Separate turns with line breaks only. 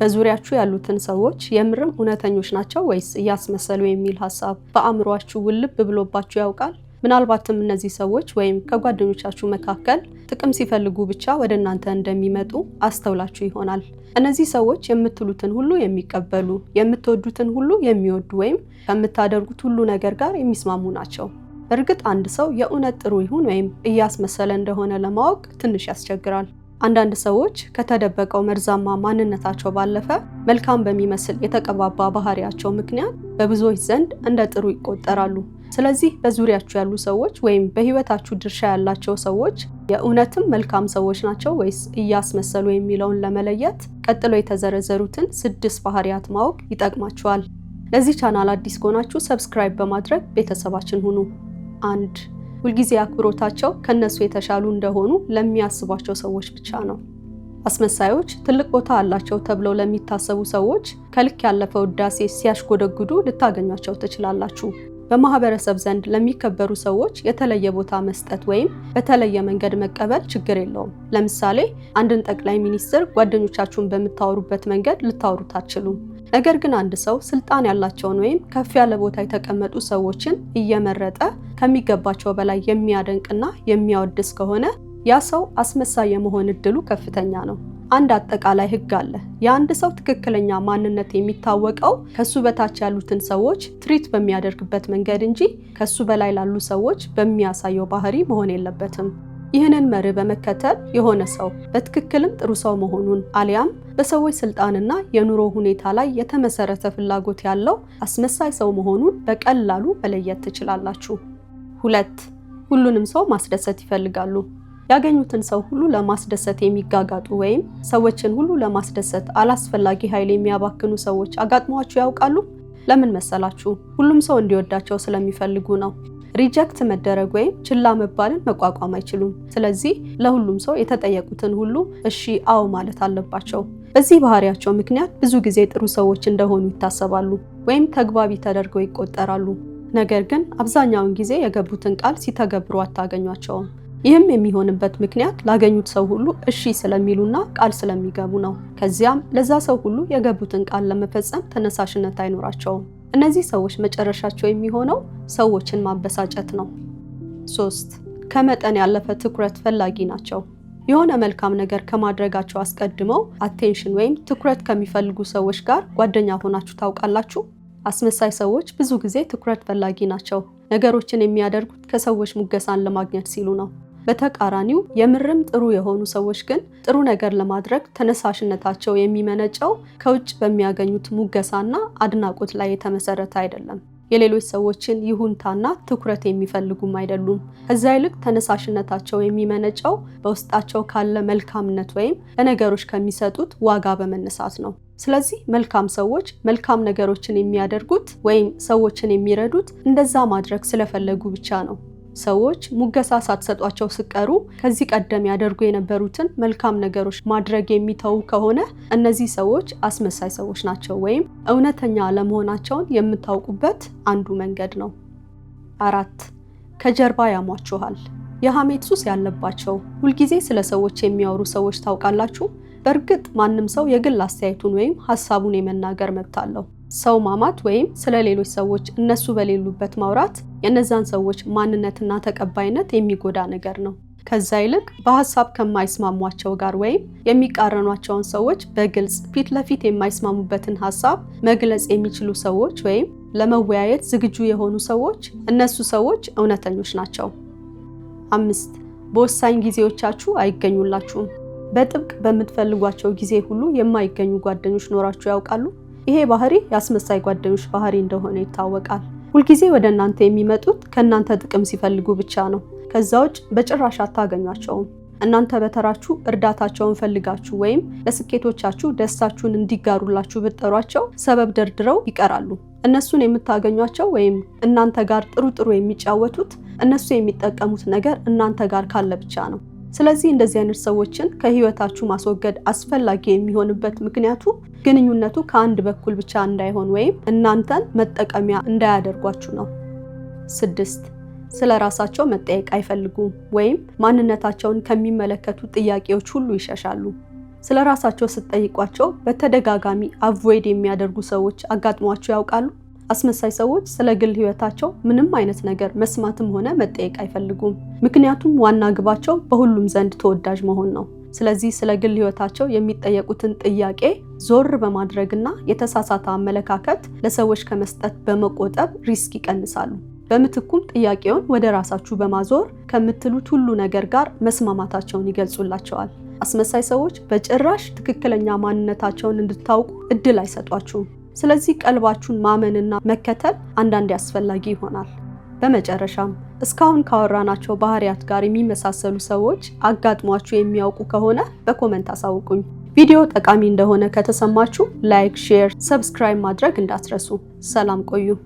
በዙሪያችሁ ያሉትን ሰዎች የምርም እውነተኞች ናቸው ወይስ እያስመሰሉ የሚል ሀሳብ በአእምሯችሁ ውልብ ብሎባችሁ ያውቃል? ምናልባትም እነዚህ ሰዎች ወይም ከጓደኞቻችሁ መካከል ጥቅም ሲፈልጉ ብቻ ወደ እናንተ እንደሚመጡ አስተውላችሁ ይሆናል። እነዚህ ሰዎች የምትሉትን ሁሉ የሚቀበሉ፣ የምትወዱትን ሁሉ የሚወዱ ወይም ከምታደርጉት ሁሉ ነገር ጋር የሚስማሙ ናቸው። በእርግጥ አንድ ሰው የእውነት ጥሩ ይሁን ወይም እያስመሰለ እንደሆነ ለማወቅ ትንሽ ያስቸግራል። አንዳንድ ሰዎች ከተደበቀው መርዛማ ማንነታቸው ባለፈ መልካም በሚመስል የተቀባባ ባህሪያቸው ምክንያት በብዙዎች ዘንድ እንደ ጥሩ ይቆጠራሉ። ስለዚህ በዙሪያችሁ ያሉ ሰዎች ወይም በህይወታችሁ ድርሻ ያላቸው ሰዎች የእውነትም መልካም ሰዎች ናቸው ወይስ እያስመሰሉ የሚለውን ለመለየት ቀጥሎ የተዘረዘሩትን ስድስት ባህሪያት ማወቅ ይጠቅማችኋል። ለዚህ ቻናል አዲስ ከሆናችሁ ሰብስክራይብ በማድረግ ቤተሰባችን ሁኑ። አንድ ሁልጊዜ አክብሮታቸው ከነሱ የተሻሉ እንደሆኑ ለሚያስቧቸው ሰዎች ብቻ ነው። አስመሳዮች ትልቅ ቦታ አላቸው ተብለው ለሚታሰቡ ሰዎች ከልክ ያለፈ ውዳሴ ሲያሽጎደጉዱ ልታገኟቸው ትችላላችሁ። በማህበረሰብ ዘንድ ለሚከበሩ ሰዎች የተለየ ቦታ መስጠት ወይም በተለየ መንገድ መቀበል ችግር የለውም። ለምሳሌ አንድን ጠቅላይ ሚኒስትር ጓደኞቻችሁን በምታወሩበት መንገድ ልታወሩት አትችሉም። ነገር ግን አንድ ሰው ስልጣን ያላቸውን ወይም ከፍ ያለ ቦታ የተቀመጡ ሰዎችን እየመረጠ ከሚገባቸው በላይ የሚያደንቅና የሚያወድስ ከሆነ ያ ሰው አስመሳይ የመሆን እድሉ ከፍተኛ ነው። አንድ አጠቃላይ ህግ አለ። የአንድ ሰው ትክክለኛ ማንነት የሚታወቀው ከሱ በታች ያሉትን ሰዎች ትሪት በሚያደርግበት መንገድ እንጂ ከሱ በላይ ላሉ ሰዎች በሚያሳየው ባህሪ መሆን የለበትም። ይህንን መርህ በመከተል የሆነ ሰው በትክክልም ጥሩ ሰው መሆኑን አሊያም በሰዎች ስልጣንና የኑሮ ሁኔታ ላይ የተመሰረተ ፍላጎት ያለው አስመሳይ ሰው መሆኑን በቀላሉ መለየት ትችላላችሁ። ሁለት ሁሉንም ሰው ማስደሰት ይፈልጋሉ። ያገኙትን ሰው ሁሉ ለማስደሰት የሚጋጋጡ ወይም ሰዎችን ሁሉ ለማስደሰት አላስፈላጊ ኃይል የሚያባክኑ ሰዎች አጋጥሟችሁ ያውቃሉ? ለምን መሰላችሁ? ሁሉም ሰው እንዲወዳቸው ስለሚፈልጉ ነው። ሪጀክት መደረግ ወይም ችላ መባልን መቋቋም አይችሉም። ስለዚህ ለሁሉም ሰው የተጠየቁትን ሁሉ እሺ፣ አዎ ማለት አለባቸው። በዚህ ባህሪያቸው ምክንያት ብዙ ጊዜ ጥሩ ሰዎች እንደሆኑ ይታሰባሉ ወይም ተግባቢ ተደርገው ይቆጠራሉ። ነገር ግን አብዛኛውን ጊዜ የገቡትን ቃል ሲተገብሩ አታገኟቸውም። ይህም የሚሆንበት ምክንያት ላገኙት ሰው ሁሉ እሺ ስለሚሉና ቃል ስለሚገቡ ነው። ከዚያም ለዛ ሰው ሁሉ የገቡትን ቃል ለመፈጸም ተነሳሽነት አይኖራቸውም። እነዚህ ሰዎች መጨረሻቸው የሚሆነው ሰዎችን ማበሳጨት ነው። ሶስት ከመጠን ያለፈ ትኩረት ፈላጊ ናቸው። የሆነ መልካም ነገር ከማድረጋቸው አስቀድመው አቴንሽን ወይም ትኩረት ከሚፈልጉ ሰዎች ጋር ጓደኛ ሆናችሁ ታውቃላችሁ? አስመሳይ ሰዎች ብዙ ጊዜ ትኩረት ፈላጊ ናቸው። ነገሮችን የሚያደርጉት ከሰዎች ሙገሳን ለማግኘት ሲሉ ነው። በተቃራኒው የምርም ጥሩ የሆኑ ሰዎች ግን ጥሩ ነገር ለማድረግ ተነሳሽነታቸው የሚመነጨው ከውጭ በሚያገኙት ሙገሳና አድናቆት ላይ የተመሰረተ አይደለም። የሌሎች ሰዎችን ይሁንታና ትኩረት የሚፈልጉም አይደሉም። ከዚያ ይልቅ ተነሳሽነታቸው የሚመነጨው በውስጣቸው ካለ መልካምነት ወይም ለነገሮች ከሚሰጡት ዋጋ በመነሳት ነው። ስለዚህ መልካም ሰዎች መልካም ነገሮችን የሚያደርጉት ወይም ሰዎችን የሚረዱት እንደዛ ማድረግ ስለፈለጉ ብቻ ነው። ሰዎች ሙገሳ ሳትሰጧቸው ስቀሩ ከዚህ ቀደም ያደርጉ የነበሩትን መልካም ነገሮች ማድረግ የሚተዉ ከሆነ እነዚህ ሰዎች አስመሳይ ሰዎች ናቸው ወይም እውነተኛ አለመሆናቸውን የምታውቁበት አንዱ መንገድ ነው። አራት ከጀርባ ያሟችኋል። የሐሜት ሱስ ያለባቸው ሁልጊዜ ስለ ሰዎች የሚያወሩ ሰዎች ታውቃላችሁ። በእርግጥ ማንም ሰው የግል አስተያየቱን ወይም ሀሳቡን የመናገር መብት አለው። ሰው ማማት ወይም ስለ ሌሎች ሰዎች እነሱ በሌሉበት ማውራት የእነዛን ሰዎች ማንነትና ተቀባይነት የሚጎዳ ነገር ነው። ከዛ ይልቅ በሀሳብ ከማይስማሟቸው ጋር ወይም የሚቃረኗቸውን ሰዎች በግልጽ ፊት ለፊት የማይስማሙበትን ሀሳብ መግለጽ የሚችሉ ሰዎች ወይም ለመወያየት ዝግጁ የሆኑ ሰዎች እነሱ ሰዎች እውነተኞች ናቸው። አምስት በወሳኝ ጊዜዎቻችሁ አይገኙላችሁም። በጥብቅ በምትፈልጓቸው ጊዜ ሁሉ የማይገኙ ጓደኞች ኖራችሁ ያውቃሉ? ይሄ ባህሪ የአስመሳይ ጓደኞች ባህሪ እንደሆነ ይታወቃል። ሁልጊዜ ወደ እናንተ የሚመጡት ከእናንተ ጥቅም ሲፈልጉ ብቻ ነው። ከዛ ውጭ በጭራሽ አታገኟቸውም። እናንተ በተራችሁ እርዳታቸውን ፈልጋችሁ ወይም ለስኬቶቻችሁ ደስታችሁን እንዲጋሩላችሁ ብትጠሯቸው ሰበብ ደርድረው ይቀራሉ። እነሱን የምታገኟቸው ወይም እናንተ ጋር ጥሩ ጥሩ የሚጫወቱት እነሱ የሚጠቀሙት ነገር እናንተ ጋር ካለ ብቻ ነው። ስለዚህ እንደዚህ አይነት ሰዎችን ከህይወታችሁ ማስወገድ አስፈላጊ የሚሆንበት ምክንያቱ ግንኙነቱ ከአንድ በኩል ብቻ እንዳይሆን ወይም እናንተን መጠቀሚያ እንዳያደርጓችሁ ነው። ስድስት ስለ ራሳቸው መጠየቅ አይፈልጉም ወይም ማንነታቸውን ከሚመለከቱ ጥያቄዎች ሁሉ ይሸሻሉ። ስለ ራሳቸው ስትጠይቋቸው በተደጋጋሚ አቮይድ የሚያደርጉ ሰዎች አጋጥሟቸው ያውቃሉ? አስመሳይ ሰዎች ስለ ግል ህይወታቸው ምንም አይነት ነገር መስማትም ሆነ መጠየቅ አይፈልጉም። ምክንያቱም ዋና ግባቸው በሁሉም ዘንድ ተወዳጅ መሆን ነው። ስለዚህ ስለ ግል ህይወታቸው የሚጠየቁትን ጥያቄ ዞር በማድረግና የተሳሳተ አመለካከት ለሰዎች ከመስጠት በመቆጠብ ሪስክ ይቀንሳሉ። በምትኩም ጥያቄውን ወደ ራሳችሁ በማዞር ከምትሉት ሁሉ ነገር ጋር መስማማታቸውን ይገልጹላቸዋል። አስመሳይ ሰዎች በጭራሽ ትክክለኛ ማንነታቸውን እንድታውቁ እድል አይሰጧችሁም። ስለዚህ ቀልባችሁን ማመንና መከተል አንዳንዴ አስፈላጊ ይሆናል። በመጨረሻም እስካሁን ካወራናቸው ባህሪያት ጋር የሚመሳሰሉ ሰዎች አጋጥሟችሁ የሚያውቁ ከሆነ በኮመንት አሳውቁኝ። ቪዲዮ ጠቃሚ እንደሆነ ከተሰማችሁ ላይክ፣ ሼር፣ ሰብስክራይብ ማድረግ እንዳትረሱ። ሰላም ቆዩ።